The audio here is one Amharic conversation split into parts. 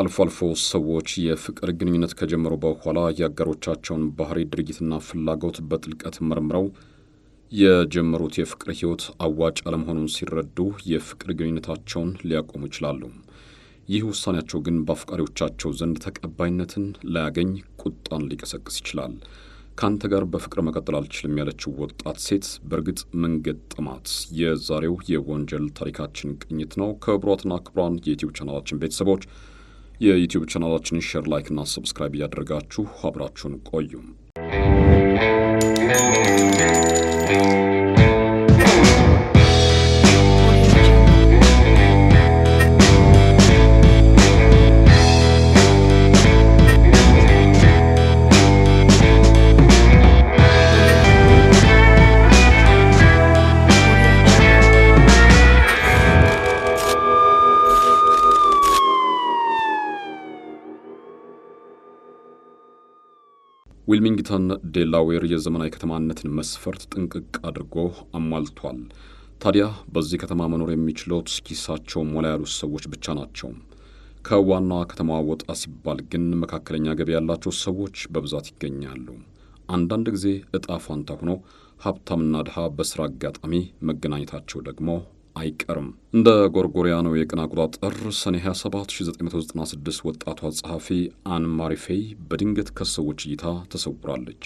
አልፎ አልፎ ሰዎች የፍቅር ግንኙነት ከጀመሩ በኋላ የአጋሮቻቸውን ባህሪ፣ ድርጊትና ፍላጎት በጥልቀት መርምረው የጀመሩት የፍቅር ህይወት አዋጭ አለመሆኑን ሲረዱ የፍቅር ግንኙነታቸውን ሊያቆሙ ይችላሉ። ይህ ውሳኔያቸው ግን በአፍቃሪዎቻቸው ዘንድ ተቀባይነትን ላያገኝ፣ ቁጣን ሊቀሰቅስ ይችላል። ከአንተ ጋር በፍቅር መቀጠል አልችልም ያለችው ወጣት ሴት በእርግጥ መንገድ ጥማት የዛሬው የወንጀል ታሪካችን ቅኝት ነው። ክቡራትና ክቡራን የዩቲዩብ ቻናላችን ቤተሰቦች የዩቲዩብ ቻናላችንን ሼር፣ ላይክ እና ሰብስክራይብ እያደረጋችሁ አብራችሁን ቆዩም። ዊልሚንግተን ዴላዌር የዘመናዊ ከተማነትን መስፈርት ጥንቅቅ አድርጎ አሟልቷል። ታዲያ በዚህ ከተማ መኖር የሚችሉት ኪሳቸው ሞላ ያሉ ሰዎች ብቻ ናቸው። ከዋና ከተማዋ ወጣ ሲባል ግን መካከለኛ ገቢ ያላቸው ሰዎች በብዛት ይገኛሉ። አንዳንድ ጊዜ እጣ ፋንታ ሆኖ ሀብታምና ድሃ በስራ አጋጣሚ መገናኘታቸው ደግሞ አይቀርም። እንደ ጎርጎሪያኑ የቀን አቆጣጠር ሰኔ 27 1996 ወጣቷ ጸሐፊ አን ማሪፌይ በድንገት ከሰዎች እይታ ተሰውራለች።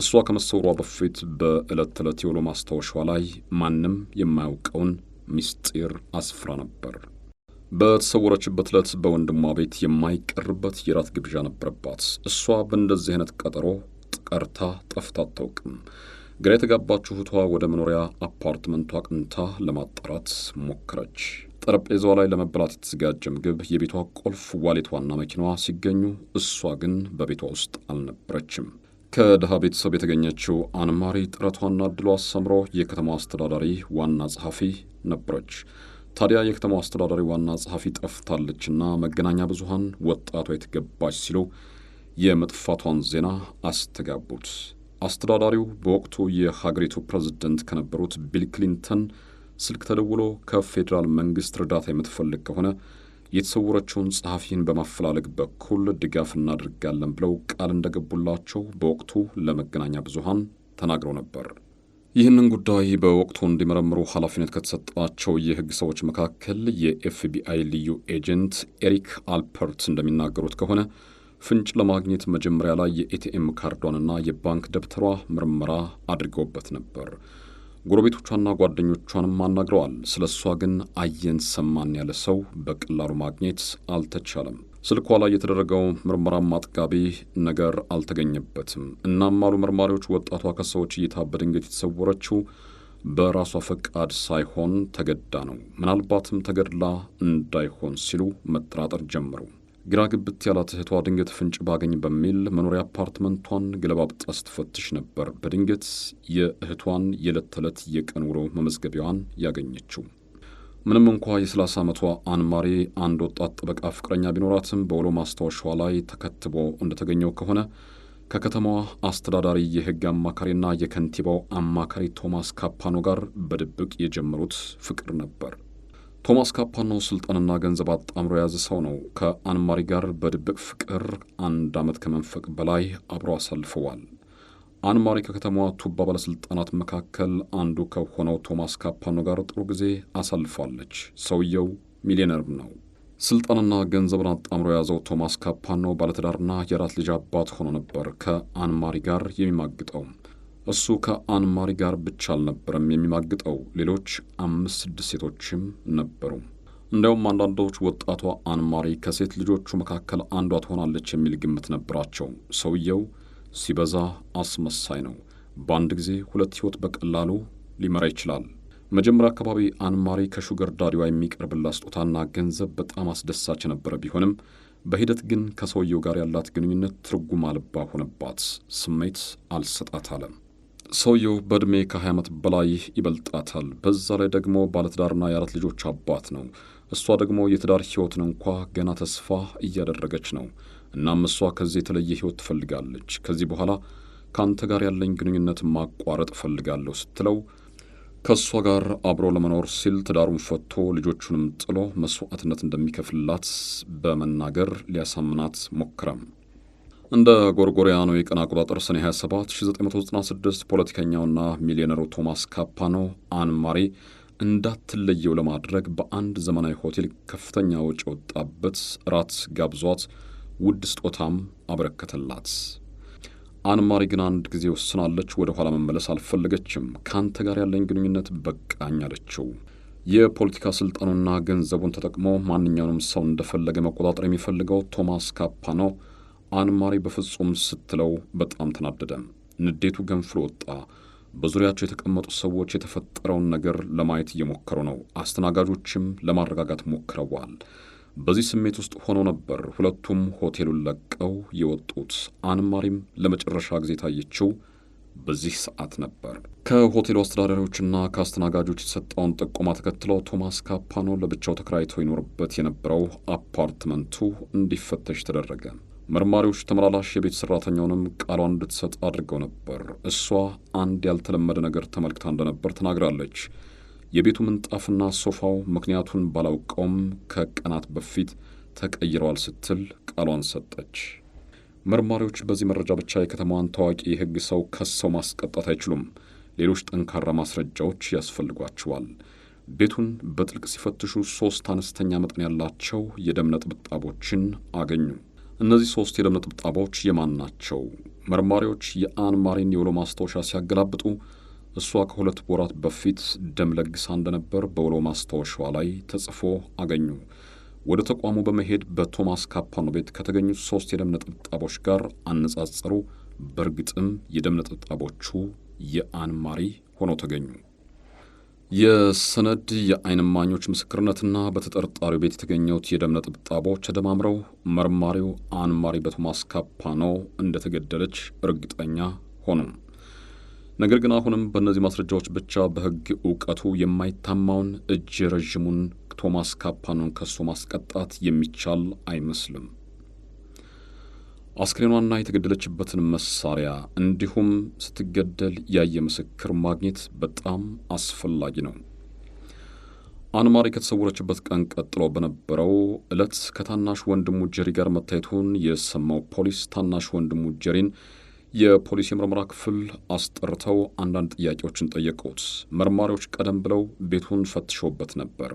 እሷ ከመሰውሯ በፊት በዕለት ተዕለት የውሎ ማስታወሻዋ ላይ ማንም የማያውቀውን ሚስጢር አስፍራ ነበር። በተሰወረችበት ዕለት በወንድሟ ቤት የማይቀርበት የራት ግብዣ ነበረባት። እሷ በእንደዚህ አይነት ቀጠሮ ጥቀርታ ጠፍታ አታውቅም። ግራ የተጋባችው እህቷ ወደ መኖሪያ አፓርትመንቷ አቅንታ ለማጣራት ሞከረች። ጠረጴዛዋ ላይ ለመበላት የተዘጋጀ ምግብ፣ የቤቷ ቁልፍ፣ ዋሌቷና መኪናዋ ሲገኙ እሷ ግን በቤቷ ውስጥ አልነበረችም። ከድሃ ቤተሰብ የተገኘችው አንማሪ ጥረቷና እድሏ አሰምሮ የከተማ አስተዳዳሪ ዋና ጸሐፊ ነበረች። ታዲያ የከተማው አስተዳዳሪ ዋና ጸሐፊ ጠፍታለችና መገናኛ ብዙሃን ወጣቷ የት ገባች ሲሉ የመጥፋቷን ዜና አስተጋቡት። አስተዳዳሪው በወቅቱ የሀገሪቱ ፕሬዝደንት ከነበሩት ቢል ክሊንተን ስልክ ተደውሎ ከፌዴራል መንግስት እርዳታ የምትፈልግ ከሆነ የተሰወረችውን ጸሐፊን በማፈላለግ በኩል ድጋፍ እናደርጋለን ብለው ቃል እንደገቡላቸው በወቅቱ ለመገናኛ ብዙሃን ተናግረው ነበር። ይህንን ጉዳይ በወቅቱ እንዲመረምሩ ኃላፊነት ከተሰጣቸው የህግ ሰዎች መካከል የኤፍቢአይ ልዩ ኤጀንት ኤሪክ አልፐርት እንደሚናገሩት ከሆነ ፍንጭ ለማግኘት መጀመሪያ ላይ የኤቲኤም ካርዷንና የባንክ ደብተሯ ምርመራ አድርገውበት ነበር። ጎረቤቶቿና ጓደኞቿንም አናግረዋል። ስለ እሷ ግን አየን ሰማን ያለ ሰው በቀላሉ ማግኘት አልተቻለም። ስልኳ ላይ የተደረገው ምርመራ አጥጋቢ ነገር አልተገኘበትም። እናም አሉ መርማሪዎች፣ ወጣቷ ከሰዎች እይታ በድንገት የተሰወረችው በራሷ ፈቃድ ሳይሆን ተገዳ ነው። ምናልባትም ተገድላ እንዳይሆን ሲሉ መጠራጠር ጀመሩ። ግራ ግብት ያላት እህቷ ድንገት ፍንጭ ባገኝ በሚል መኖሪያ አፓርትመንቷን ገለባብጣ ስትፈትሽ ነበር በድንገት የእህቷን የዕለት ተዕለት የቀን ውሎ መመዝገቢያዋን ያገኘችው። ምንም እንኳ የ30 ዓመቷ አንማሪ አንድ ወጣት ጠበቃ ፍቅረኛ ቢኖራትም በውሎ ማስታወሻዋ ላይ ተከትቦ እንደተገኘው ከሆነ ከከተማዋ አስተዳዳሪ የህግ አማካሪና የከንቲባው አማካሪ ቶማስ ካፓኖ ጋር በድብቅ የጀመሩት ፍቅር ነበር። ቶማስ ካፓኖ ስልጣንና ገንዘብ አጣምሮ የያዘ ሰው ነው። ከአንማሪ ጋር በድብቅ ፍቅር አንድ ዓመት ከመንፈቅ በላይ አብሮ አሳልፈዋል። አንማሪ ከከተማዋ ቱባ ባለሥልጣናት መካከል አንዱ ከሆነው ቶማስ ካፓኖ ጋር ጥሩ ጊዜ አሳልፋለች። ሰውየው ሚሊዮነርም ነው። ስልጣንና ገንዘብን አጣምሮ የያዘው ቶማስ ካፓኖ ባለትዳርና የራት ልጅ አባት ሆኖ ነበር ከአንማሪ ጋር የሚማግጠው እሱ ከአንማሪ ጋር ብቻ አልነበረም የሚማግጠው፣ ሌሎች አምስት ስድስት ሴቶችም ነበሩ። እንዲያውም አንዳንዶች ወጣቷ አንማሪ ከሴት ልጆቹ መካከል አንዷ ትሆናለች የሚል ግምት ነበራቸው። ሰውየው ሲበዛ አስመሳይ ነው። በአንድ ጊዜ ሁለት ሕይወት በቀላሉ ሊመራ ይችላል። መጀመሪያ አካባቢ አንማሪ ከሹገር ዳዲዋ የሚቀርብላት ስጦታና ገንዘብ በጣም አስደሳች የነበረ ቢሆንም በሂደት ግን ከሰውየው ጋር ያላት ግንኙነት ትርጉም አልባ ሆነባት። ስሜት አልሰጣት አለም። ሰውየው በዕድሜ ከ20 ዓመት በላይ ይበልጣታል። በዛ ላይ ደግሞ ባለትዳርና የአራት ልጆች አባት ነው። እሷ ደግሞ የትዳር ሕይወትን እንኳ ገና ተስፋ እያደረገች ነው። እናም እሷ ከዚህ የተለየ ሕይወት ትፈልጋለች። ከዚህ በኋላ ከአንተ ጋር ያለኝ ግንኙነት ማቋረጥ እፈልጋለሁ ስትለው ከእሷ ጋር አብሮ ለመኖር ሲል ትዳሩን ፈቶ ልጆቹንም ጥሎ መስዋዕትነት እንደሚከፍልላት በመናገር ሊያሳምናት ሞክረም እንደ ጎርጎሪያኑ የቀን አቆጣጠር ሰኔ 27 1996 ፖለቲከኛውና ሚሊዮነሩ ቶማስ ካፓኖ አንማሪ እንዳትለየው ለማድረግ በአንድ ዘመናዊ ሆቴል ከፍተኛ ወጪ ወጣበት እራት ጋብዟት ውድ ስጦታም አበረከተላት። አንማሪ ግን አንድ ጊዜ ወስናለች። ወደ ኋላ መመለስ አልፈለገችም። ከአንተ ጋር ያለኝ ግንኙነት በቃኝ አለችው። የፖለቲካ ስልጣኑና ገንዘቡን ተጠቅሞ ማንኛውንም ሰው እንደፈለገ መቆጣጠር የሚፈልገው ቶማስ ካፓኖ አንማሪ በፍጹም ስትለው በጣም ተናደደ። ንዴቱ ገንፍሎ ወጣ። በዙሪያቸው የተቀመጡ ሰዎች የተፈጠረውን ነገር ለማየት እየሞከሩ ነው። አስተናጋጆችም ለማረጋጋት ሞክረዋል። በዚህ ስሜት ውስጥ ሆነው ነበር ሁለቱም ሆቴሉን ለቀው የወጡት። አንማሪም ለመጨረሻ ጊዜ ታየችው በዚህ ሰዓት ነበር። ከሆቴሉ አስተዳዳሪዎችና ከአስተናጋጆች የተሰጠውን ጥቆማ ተከትለው ቶማስ ካፓኖ ለብቻው ተከራይቶ ይኖርበት የነበረው አፓርትመንቱ እንዲፈተሽ ተደረገ። መርማሪዎች ተመላላሽ የቤት ሰራተኛውንም ቃሏን እንድትሰጥ አድርገው ነበር። እሷ አንድ ያልተለመደ ነገር ተመልክታ እንደነበር ተናግራለች። የቤቱ ምንጣፍና ሶፋው ምክንያቱን ባላውቀውም ከቀናት በፊት ተቀይረዋል ስትል ቃሏን ሰጠች። መርማሪዎች በዚህ መረጃ ብቻ የከተማዋን ታዋቂ የሕግ ሰው ከሰው ማስቀጣት አይችሉም። ሌሎች ጠንካራ ማስረጃዎች ያስፈልጓቸዋል። ቤቱን በጥልቅ ሲፈትሹ ሦስት አነስተኛ መጠን ያላቸው የደም ነጥብጣቦችን አገኙ። እነዚህ ሶስት የደም ነጠብጣቦች የማን ናቸው? መርማሪዎች የአን ማሪን የውሎ ማስታወሻ ሲያገላብጡ እሷ ከሁለት ወራት በፊት ደም ለግሳ እንደነበር በውሎ ማስታወሻዋ ላይ ተጽፎ አገኙ። ወደ ተቋሙ በመሄድ በቶማስ ካፓኖ ቤት ከተገኙት ሶስት የደም ነጠብጣቦች ጋር አነጻጸሩ። በእርግጥም የደም ነጠብጣቦቹ የአን ማሪ ሆነው ተገኙ። የሰነድ የአይን እማኞች ምስክርነትና በተጠርጣሪው ቤት የተገኙት የደም ነጠብጣቦች ተደማምረው መርማሪው አንማሪ በቶማስ ካፓኖ እንደተገደለች እርግጠኛ ሆኑ። ነገር ግን አሁንም በእነዚህ ማስረጃዎች ብቻ በሕግ እውቀቱ የማይታማውን እጅ ረዥሙን ቶማስ ካፓኖን ከሶ ማስቀጣት የሚቻል አይመስልም። አስክሬኗና የተገደለችበትን መሳሪያ እንዲሁም ስትገደል ያየ ምስክር ማግኘት በጣም አስፈላጊ ነው። አንማሪ ከተሰወረችበት ቀን ቀጥሎ በነበረው ዕለት ከታናሽ ወንድሙ ጀሪ ጋር መታየቱን የሰማው ፖሊስ ታናሽ ወንድሙ ጀሪን የፖሊስ የምርመራ ክፍል አስጠርተው አንዳንድ ጥያቄዎችን ጠየቁት። መርማሪዎች ቀደም ብለው ቤቱን ፈትሸውበት ነበር።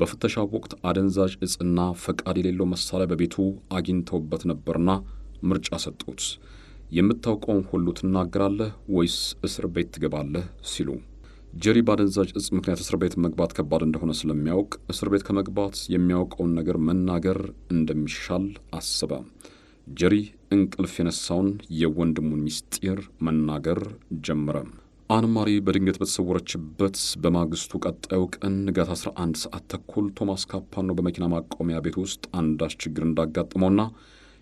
በፍተሻው ወቅት አደንዛዥ እጽና ፈቃድ የሌለው መሳሪያ በቤቱ አግኝተውበት ነበርና ምርጫ ሰጡት። የምታውቀውን ሁሉ ትናገራለህ ወይስ እስር ቤት ትገባለህ ሲሉ ጀሪ በአደንዛዥ እጽ ምክንያት እስር ቤት መግባት ከባድ እንደሆነ ስለሚያውቅ እስር ቤት ከመግባት የሚያውቀውን ነገር መናገር እንደሚሻል አስበ ጀሪ እንቅልፍ የነሳውን የወንድሙን ሚስጢር መናገር ጀመረ። አንማሪ በድንገት በተሰወረችበት በማግስቱ ቀጣዩ ቀን ንጋት 11 ሰዓት ተኩል ቶማስ ካፓኖ በመኪና ማቆሚያ ቤት ውስጥ አንዳች ችግር እንዳጋጠመውና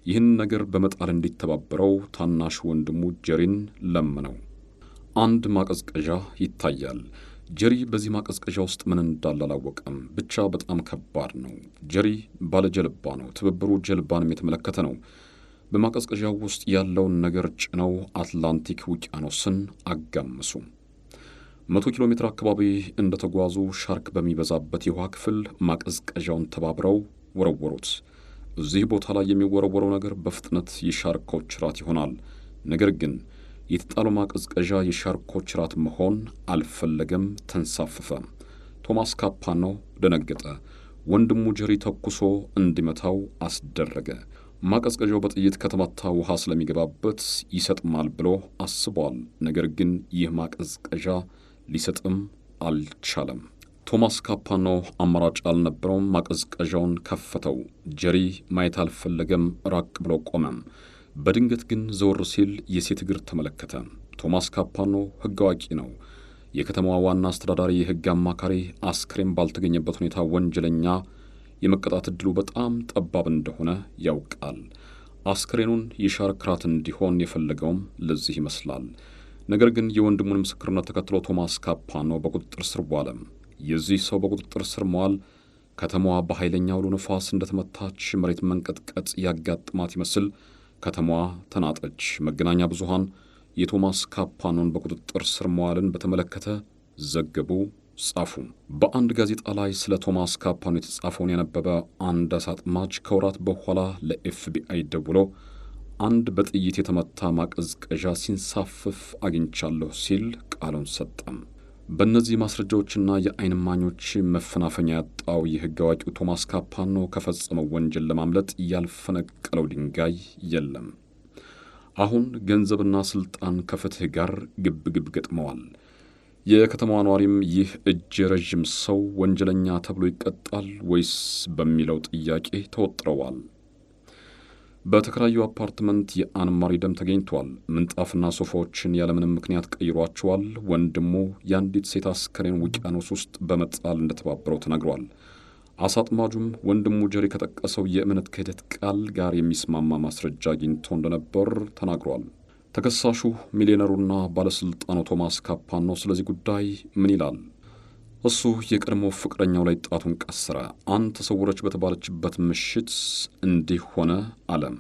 ይህን ነገር በመጣል እንዲተባበረው ታናሽ ወንድሙ ጀሪን ለመነው። አንድ ማቀዝቀዣ ይታያል። ጀሪ በዚህ ማቀዝቀዣ ውስጥ ምን እንዳለ አላወቀም። ብቻ በጣም ከባድ ነው። ጀሪ ባለጀልባ ነው። ትብብሩ ጀልባንም የተመለከተ ነው። በማቀዝቀዣው ውስጥ ያለውን ነገር ጭነው አትላንቲክ ውቅያኖስን አጋምሱ። መቶ ኪሎ ሜትር አካባቢ እንደተጓዙ ሻርክ በሚበዛበት የውሃ ክፍል ማቀዝቀዣውን ተባብረው ወረወሩት። እዚህ ቦታ ላይ የሚወረወረው ነገር በፍጥነት የሻርኮች ራት ይሆናል። ነገር ግን የተጣለው ማቀዝቀዣ የሻርኮች ራት መሆን አልፈለገም። ተንሳፈፈ። ቶማስ ካፓኖ ደነገጠ። ወንድሙ ጀሪ ተኩሶ እንዲመታው አስደረገ። ማቀዝቀዣው በጥይት ከተመታ ውሃ ስለሚገባበት ይሰጥማል ብሎ አስቧል። ነገር ግን ይህ ማቀዝቀዣ ሊሰጥም አልቻለም። ቶማስ ካፓኖ አማራጭ አልነበረውም። ማቀዝቀዣውን ከፈተው። ጀሪ ማየት አልፈለገም። ራቅ ብሎ ቆመ። በድንገት ግን ዘወር ሲል የሴት እግር ተመለከተ። ቶማስ ካፓኖ ሕግ አዋቂ ነው። የከተማዋ ዋና አስተዳዳሪ የሕግ አማካሪ አስክሬን ባልተገኘበት ሁኔታ ወንጀለኛ የመቀጣት ዕድሉ በጣም ጠባብ እንደሆነ ያውቃል። አስክሬኑን የሻር ክራት እንዲሆን የፈለገውም ለዚህ ይመስላል። ነገር ግን የወንድሙን ምስክርነት ተከትሎ ቶማስ ካፓኖ በቁጥጥር ስር ዋለም። የዚህ ሰው በቁጥጥር ስር መዋል ከተማዋ በኃይለኛ አውሎ ነፋስ እንደተመታች መሬት መንቀጥቀጥ ያጋጥማት ይመስል ከተማዋ ተናጠች። መገናኛ ብዙሃን የቶማስ ካፓኖን በቁጥጥር ስር መዋልን በተመለከተ ዘገቡ፣ ጻፉ። በአንድ ጋዜጣ ላይ ስለ ቶማስ ካፓኖ የተጻፈውን ያነበበ አንድ አሳጥማጅ ከወራት በኋላ ለኤፍቢአይ ደውሎ አንድ በጥይት የተመታ ማቀዝቀዣ ሲንሳፍፍ አግኝቻለሁ ሲል ቃሉን ሰጠም። በእነዚህ ማስረጃዎችና የአይን ማኞች መፈናፈኛ ያጣው የህግ አዋቂው ቶማስ ካፓኖ ከፈጸመው ወንጀል ለማምለጥ ያልፈነቀለው ድንጋይ የለም። አሁን ገንዘብና ስልጣን ከፍትህ ጋር ግብግብ ገጥመዋል። የከተማዋ ነዋሪም ይህ እጅ ረዥም ሰው ወንጀለኛ ተብሎ ይቀጣል ወይስ በሚለው ጥያቄ ተወጥረዋል። በተከራዩ አፓርትመንት የአንማሪ ደም ተገኝቷል። ምንጣፍና ሶፋዎችን ያለምንም ምክንያት ቀይሯቸዋል። ወንድሙ የአንዲት ሴት አስከሬን ውቅያኖስ ውስጥ በመጣል እንደተባበረው ተናግሯል። አሳጥማጁም ወንድሙ ጀሪ ከጠቀሰው የእምነት ክህደት ቃል ጋር የሚስማማ ማስረጃ አግኝቶ እንደነበር ተናግሯል። ተከሳሹ ሚሊዮነሩና ባለሥልጣኑ ቶማስ ካፓኖ ስለዚህ ጉዳይ ምን ይላል? እሱ የቀድሞ ፍቅረኛው ላይ ጣቱን ቀስረ አን ተሰወረች በተባለችበት ምሽት እንዲህ ሆነ አለም።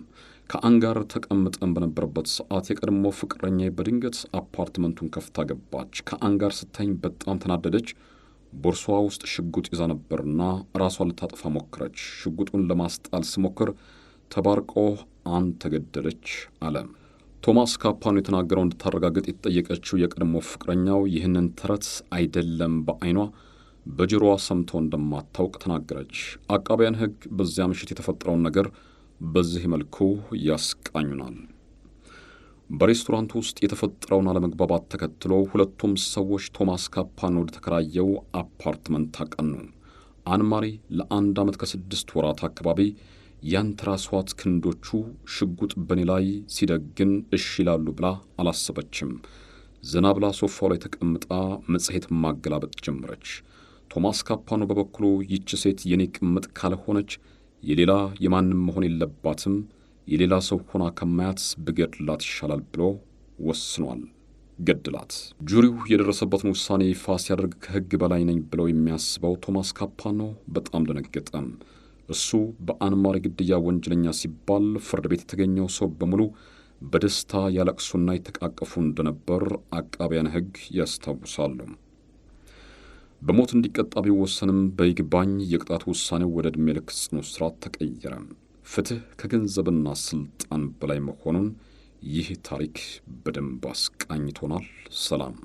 ከአንጋር ተቀምጠን በነበረበት ሰዓት የቀድሞ ፍቅረኛ በድንገት አፓርትመንቱን ከፍታ ገባች። ከአንጋር ስታኝ በጣም ተናደደች። ቦርሷ ውስጥ ሽጉጥ ይዛ ነበርና ራሷን ልታጠፋ ሞክረች። ሽጉጡን ለማስጣል ስሞክር ተባርቆ አን ተገደለች አለም። ቶማስ ካፓን የተናገረው እንድታረጋግጥ የተጠየቀችው የቀድሞ ፍቅረኛው ይህንን ተረት አይደለም በአይኗ በጆሮዋ ሰምቶ እንደማታውቅ ተናገረች። አቃቢያን ሕግ በዚያ ምሽት የተፈጠረውን ነገር በዚህ መልኩ ያስቃኙናል። በሬስቶራንት ውስጥ የተፈጠረውን አለመግባባት ተከትሎ ሁለቱም ሰዎች ቶማስ ካፓን ወደ ተከራየው አፓርትመንት አቀኑ። አንማሪ ለአንድ ዓመት ከስድስት ወራት አካባቢ ያንተራሷት ክንዶቹ ሽጉጥ በእኔ ላይ ሲደግን እሺ ይላሉ ብላ አላሰበችም። ዘና ብላ ሶፋው ላይ ተቀምጣ መጽሔት ማገላበጥ ጀመረች። ቶማስ ካፓኖ በበኩሉ ይች ሴት የኔ ቅምጥ ካልሆነች የሌላ የማንም መሆን የለባትም፣ የሌላ ሰው ሆና ከማያት ብገድላት ይሻላል ብሎ ወስኗል። ገድላት። ጁሪው የደረሰበትን ውሳኔ ይፋ ሲያደርግ ከሕግ በላይ ነኝ ብለው የሚያስበው ቶማስ ካፓኖ በጣም ደነገጠም። እሱ በአንማር ግድያ ወንጀለኛ ሲባል ፍርድ ቤት የተገኘው ሰው በሙሉ በደስታ ያለቅሱና የተቃቀፉ እንደነበር አቃቢያን ሕግ ያስታውሳሉ። በሞት እንዲቀጣ ቢወሰንም በይግባኝ የቅጣት ውሳኔው ወደ ዕድሜ ልክ ጽኑ እስራት ተቀየረ። ፍትሕ ከገንዘብና ስልጣን በላይ መሆኑን ይህ ታሪክ በደንብ አስቃኝቶናል። ሰላም።